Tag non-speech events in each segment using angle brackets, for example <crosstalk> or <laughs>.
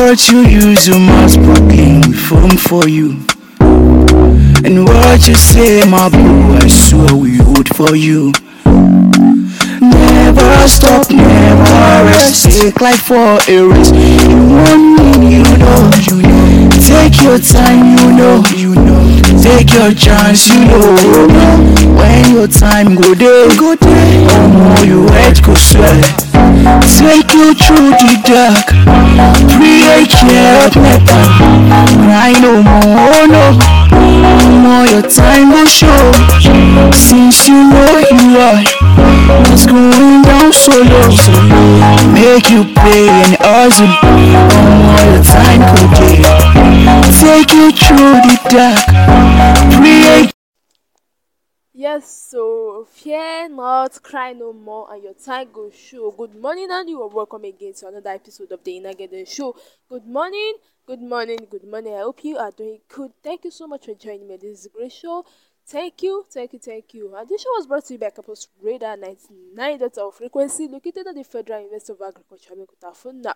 what you use your mouth sparkling foam for you. And what you say, my boo, I swear we would for you. Never stop, never rest. Take life for a rest. You want me, you know, you know. Take your time, you know, you know. Take your chance, you know. When your time go day go day Oh, no, you head go slow. Take you through the dark. God make Cry no more, no More your time will show Since you know you are It's going down so low Make you pay, and awesome More your time could Take you through the dark Create yes so fear not cry no more and your time go show good morning and you are welcome again to another episode of the inagede show good morning good morning good morning i hope you are doing good thank you so much for joining me this is a great show Thank you, thank you, thank you. And this show was brought to you by Campus Radar 99.0 frequency located at the Federal University of Agriculture, Mekutafuna.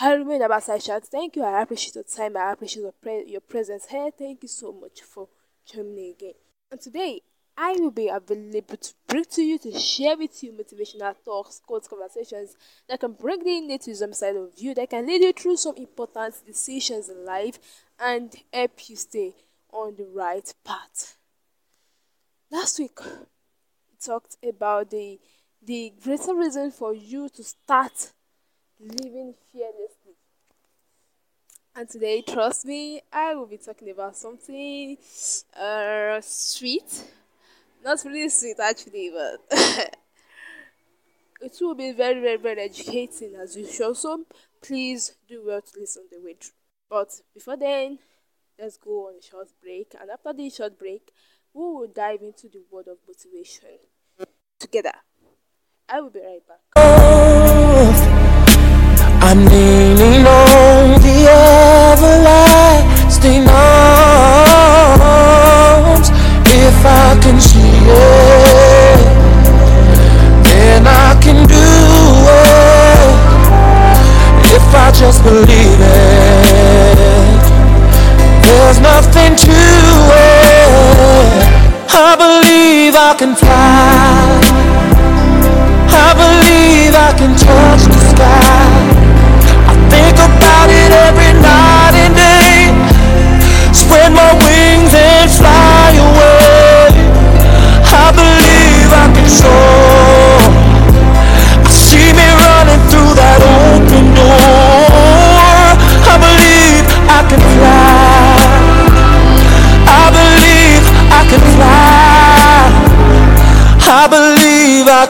I remain about Saishat. Thank you. I appreciate your time. I appreciate your, pre- your presence here. Thank you so much for joining me again. And today, I will be available to bring to you to share with you motivational talks, quotes, conversations that can break the nativism side of you, that can lead you through some important decisions in life and help you stay on the right path. Last week we talked about the the greater reason for you to start living fearlessly. And today, trust me, I will be talking about something uh, sweet not really sweet actually, but <laughs> it will be very, very, very educating as usual. So please do well to listen the way through. But before then, let's go on a short break. And after this short break, we will dive into the world of motivation together. I will be right back. I'm leaning on And I can do oh, if I just believe it. There's nothing to it. Oh, I believe I can fly. I believe I can touch the sky.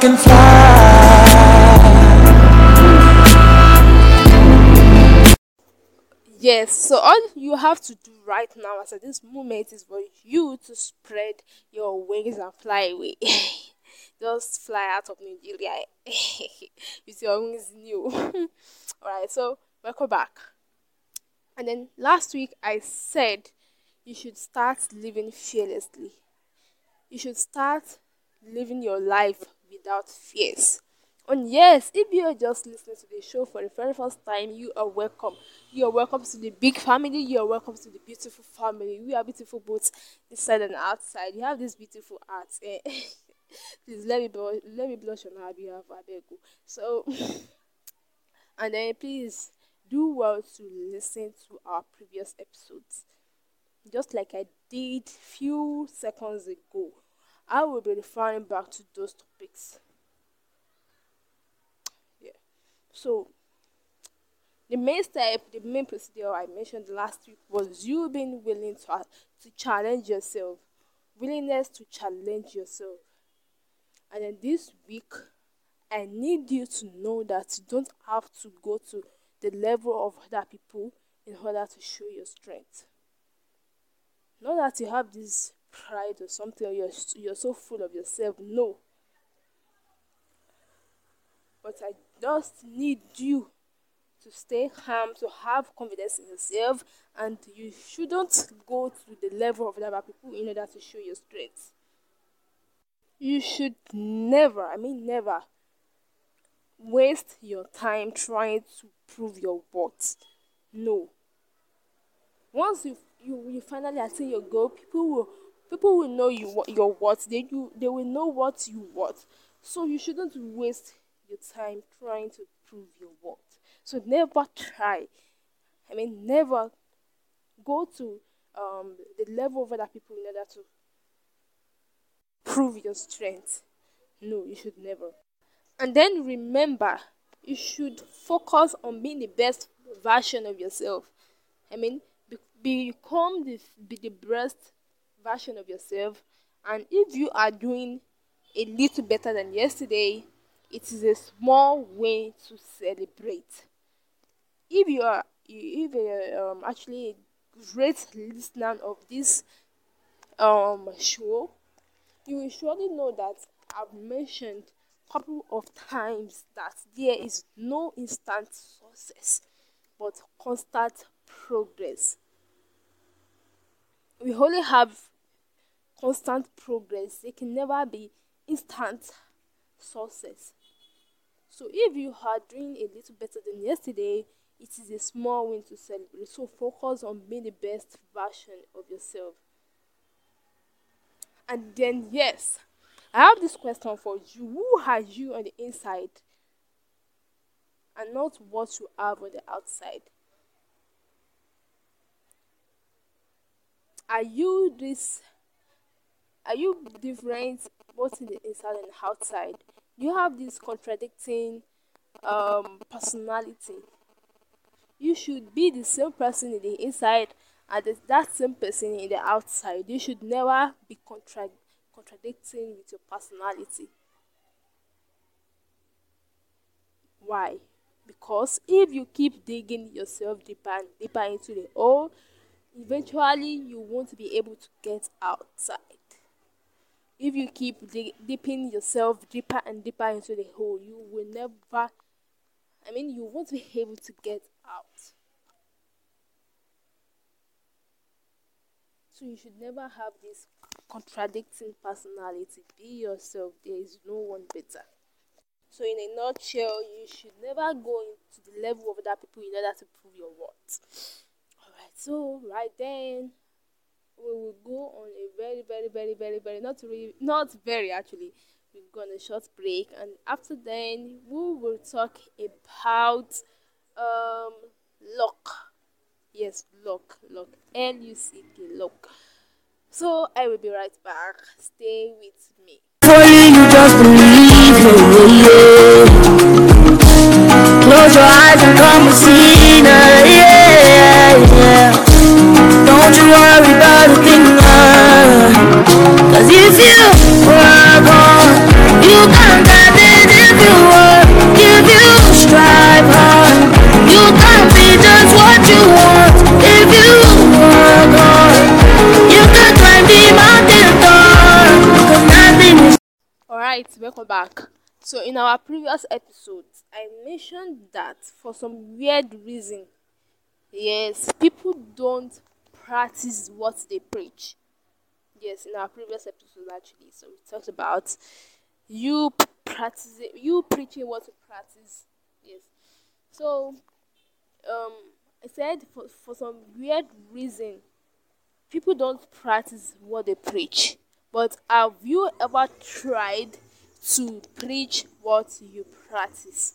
can fly. Yes, so all you have to do right now as at this moment is for you to spread your wings and fly away. <laughs> Just fly out of Nigeria <laughs> with your wings new. <laughs> Alright, so welcome back. And then last week I said you should start living fearlessly. You should start living your life without fears. And yes, if you are just listening to the show for the very first time, you are welcome. You are welcome to the big family. You are welcome to the beautiful family. We are beautiful both inside and outside. You have this beautiful art. Eh? <laughs> Please let me blush, let me blush on our behalf. I beg you. So, <laughs> and then please do well to listen to our previous episodes, just like I did few seconds ago. I will be referring back to those topics. Yeah. So the main step, the main procedure I mentioned last week was you being willing to uh, to challenge yourself, willingness to challenge yourself. And then this week, I need you to know that you don't have to go to the level of other people in order to show your strength. Not that you have this pride or something, or you're, you're so full of yourself. No. But I just need you to stay calm, to have confidence in yourself, and you shouldn't go to the level of other people in order to show your strength. You should never, I mean, never waste your time trying to prove your worth. No. Once you you, you finally attain your goal, people will people will know you what your worth they you they will know what you want so you shouldn't waste your time trying to prove your worth so never try i mean never go to um, the level of other people in order to prove your strength no you should never and then remember you should focus on being the best version of yourself i mean be, become the, be the best version of yourself. And if you are doing a little better than yesterday, it is a small way to celebrate. If you are if you are um, actually a great listener of this um, show, you will surely know that I've mentioned a couple of times that there is no instant success but constant progress. we only have constant progress. It can never be instant success. So if you are doing a little better than yesterday, it is a small win to celebrate. So focus on being the best version of yourself. And then, yes, I have this question for you Who are you on the inside and not what you have on the outside? Are you this are you different both in the inside and outside? You have this contradicting um, personality. You should be the same person in the inside and the, that same person in the outside. You should never be contra- contradicting with your personality. Why? Because if you keep digging yourself deeper and deeper into the hole, eventually you won't be able to get outside if you keep dipping yourself deeper and deeper into the hole you will never i mean you won't be able to get out so you should never have this contradicting personality be yourself there is no one better so in a nutshell you should never go into the level of other people in order to prove your worth so right then, we will go on a very, very, very, very, very not really, not very actually. we have going a short break, and after then we will talk about um luck. Yes, luck, luck, L U C K, luck. So I will be right back. Stay with me. you just believe. Close your eyes and come and see yeah Don't you a if you work hard You can get it if you work If you strive hard You can be just what you want If you work hard You can climb the mountain nothing Alright, welcome back so in our previous episodes, I mentioned that for some weird reason, yes people don't practice what they preach yes in our previous episode actually so we talked about you practicing you preaching what you practice yes so um i said for, for some weird reason people don't practice what they preach but have you ever tried to preach what you practice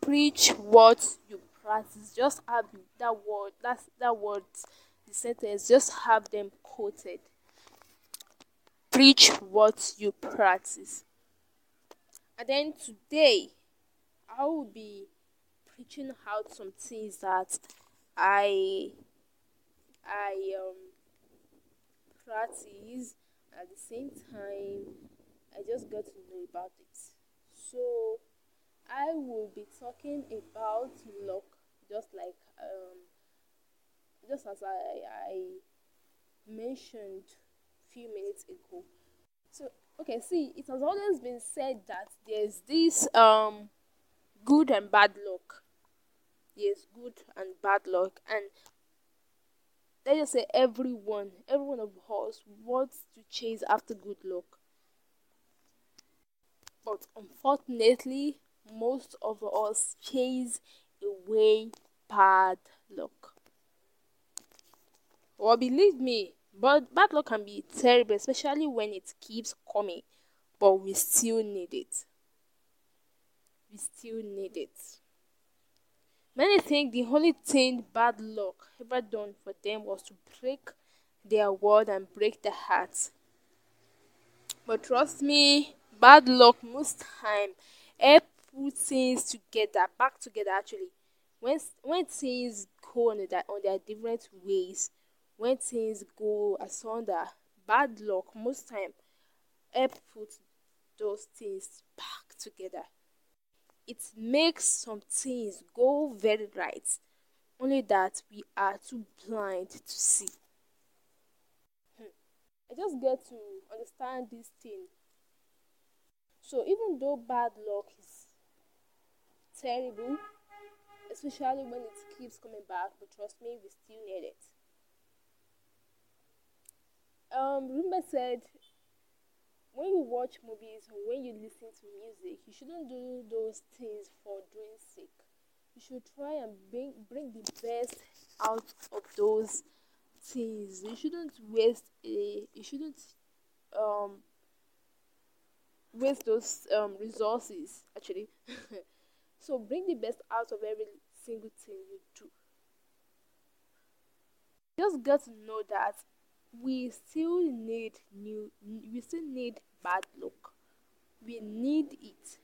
preach what you just have that word that's that word the sentence just have them quoted preach what you practice and then today i will be preaching out some things that i i um practice at the same time i just got to know about it so I will be talking about luck just like um, just as I, I mentioned few minutes ago. So okay, see, it has always been said that there's this um good and bad luck. Yes, good and bad luck, and let's just say everyone, every one of us wants to chase after good luck. But unfortunately, most of us chase way bad luck. Well, believe me, but bad luck can be terrible, especially when it keeps coming. But we still need it. We still need it. Many think the only thing bad luck ever done for them was to break their world and break their hearts. But trust me, bad luck most time help put things together back together actually when when things go on their, on their different ways when things go asunder bad luck most time help put those things back together it makes some things go very right only that we are too blind to see hmm. i just get to understand this thing so even though bad luck is terrible, especially when it keeps coming back. But trust me, we still need it. Um, Rumba said, when you watch movies or when you listen to music, you shouldn't do those things for doing sake. You should try and bring bring the best out of those things. You shouldn't waste a. You shouldn't um waste those um resources actually <laughs> So bring the best out of every single thing you do. Just got to know that we still need new we still need bad luck. We need it.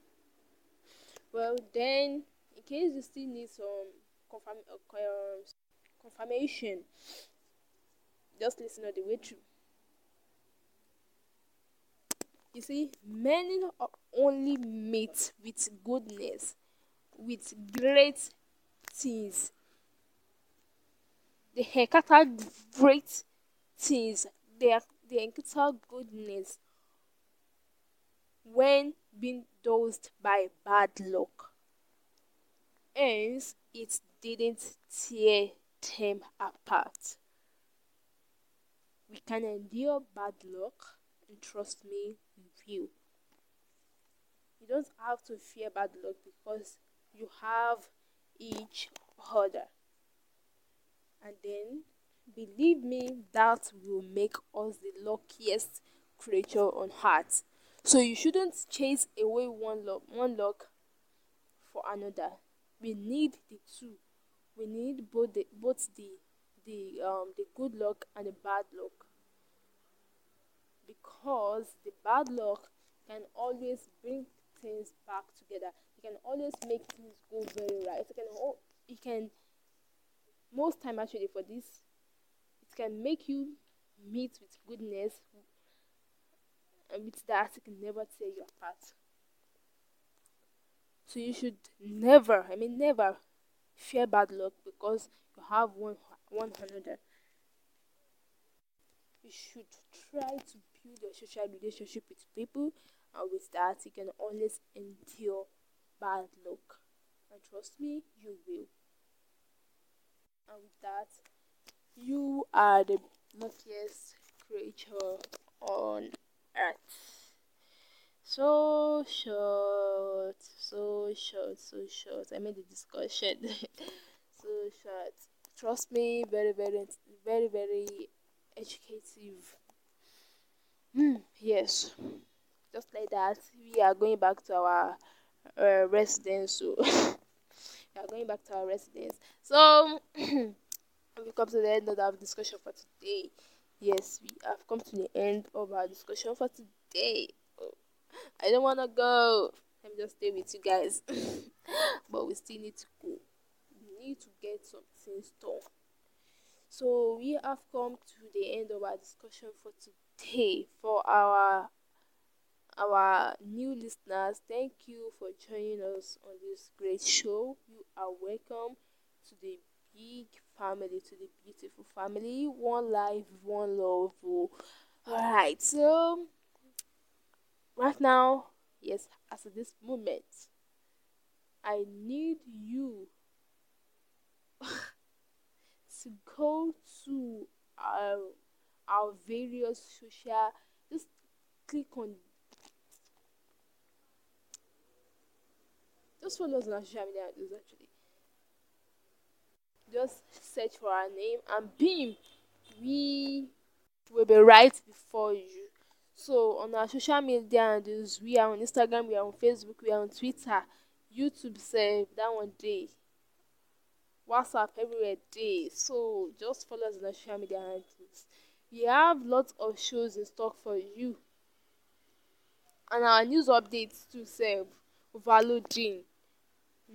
Well then in case you still need some confirm uh, um, confirmation, just listen to the way through. You see, men only meet with goodness with great things. They encounter great things. They, they encounter goodness when being dosed by bad luck. Hence, it didn't tear them apart. We can endure bad luck, and trust me, you. You don't have to fear bad luck because you have each other and then believe me that will make us the luckiest creature on earth so you shouldn't chase away one luck one luck for another we need the two we need both the both the the um the good luck and the bad luck because the bad luck can always bring things back together he can always make things go very right. He can he can most time actually for this it can make you meet with goodness and with that it can never tear you apart. So you should never, I mean never fear bad luck because you have one one hundred. You should try to build your social relationship with people and with that you can always endure bad luck. And trust me, you will. And with that, you are the luckiest creature on earth. So short, so short, so short. I made the discussion. <laughs> so short. Trust me, very, very, very, very educative. Mm, yes, just like that, we are going back to our uh, residence. So <laughs> we are going back to our residence. So <clears throat> we come to the end of our discussion for today. Yes, we have come to the end of our discussion for today. Oh, I don't want to go. Let me just stay with you guys. <laughs> but we still need to go. We need to get something things done. So we have come to the end of our discussion for today for our our new listeners, thank you for joining us on this great show. You are welcome to the big family, to the beautiful family. One life, one love. Oh. All right, so right now, yes, as of this moment, I need you <laughs> to go to our, uh, our various social, just click on Just follow us on our social media handles actually. Just search for our name and beam. We will be right before you. So on our social media handles, we are on Instagram, we are on Facebook, we are on Twitter, YouTube save that one day. WhatsApp everywhere day. So just follow us on our social media handles. We have lots of shows in stock for you. And our news updates to serve overloading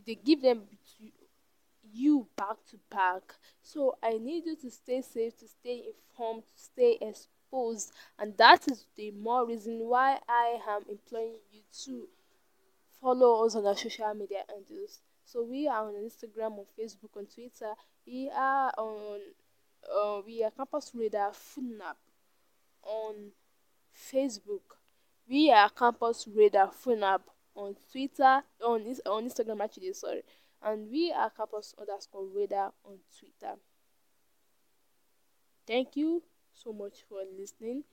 they give them to you back to back. So I need you to stay safe, to stay informed, to stay exposed, and that is the more reason why I am employing you to follow us on our social media handles. So we are on Instagram, on Facebook, on Twitter. We are on uh, we are Campus Radar Funab on Facebook. We are Campus Radar Funab on Twitter, on, on Instagram actually, sorry. And we are campus underscore radar on Twitter. Thank you so much for listening.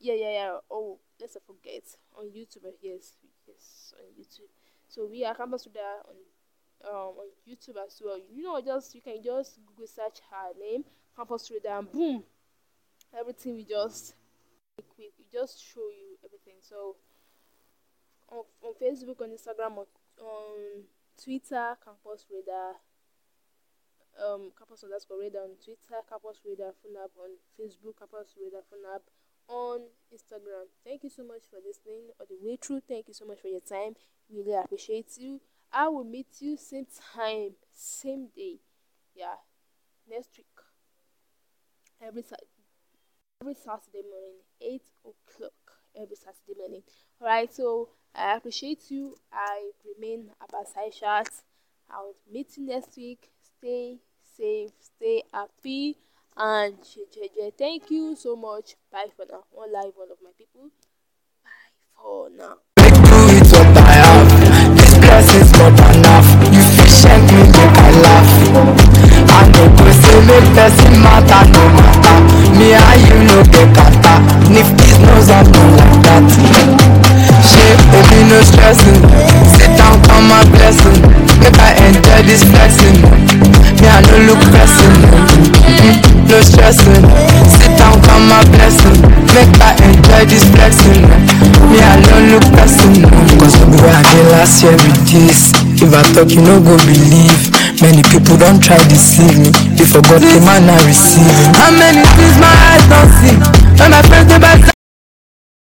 Yeah, yeah, yeah. Oh, let's not forget on YouTube. Yes, yes, on YouTube. So we are campus radar on um, on YouTube as well. You know, just you can just Google search her name, Campus Radar, and boom, everything we just we just show you everything. So on, on Facebook, on Instagram, on, on Twitter, Campus Radar, um, Campus underscore Radar on Twitter, Campus Radar Funab on Facebook, Campus Radar Funab on Instagram. Thank you so much for listening all the way through. Thank you so much for your time. Really appreciate you. I will meet you same time, same day. Yeah, next week. Every every Saturday morning, eight o'clock. Every Saturday morning. All right, so. I appreciate you. I remain Abba Ishaq. I'll meet you next week. Stay safe, stay happy, and thank you so much. Bye for now. One life, one of my people. Bye for now. It's what I have. This blessing's more than enough. You fish and me, make I laugh. I know, go say, make person matter no more. last year with this if i talk you no go believe many people don't try deceive me before god came and i receive how many things my eyes don't see when my friends dey buy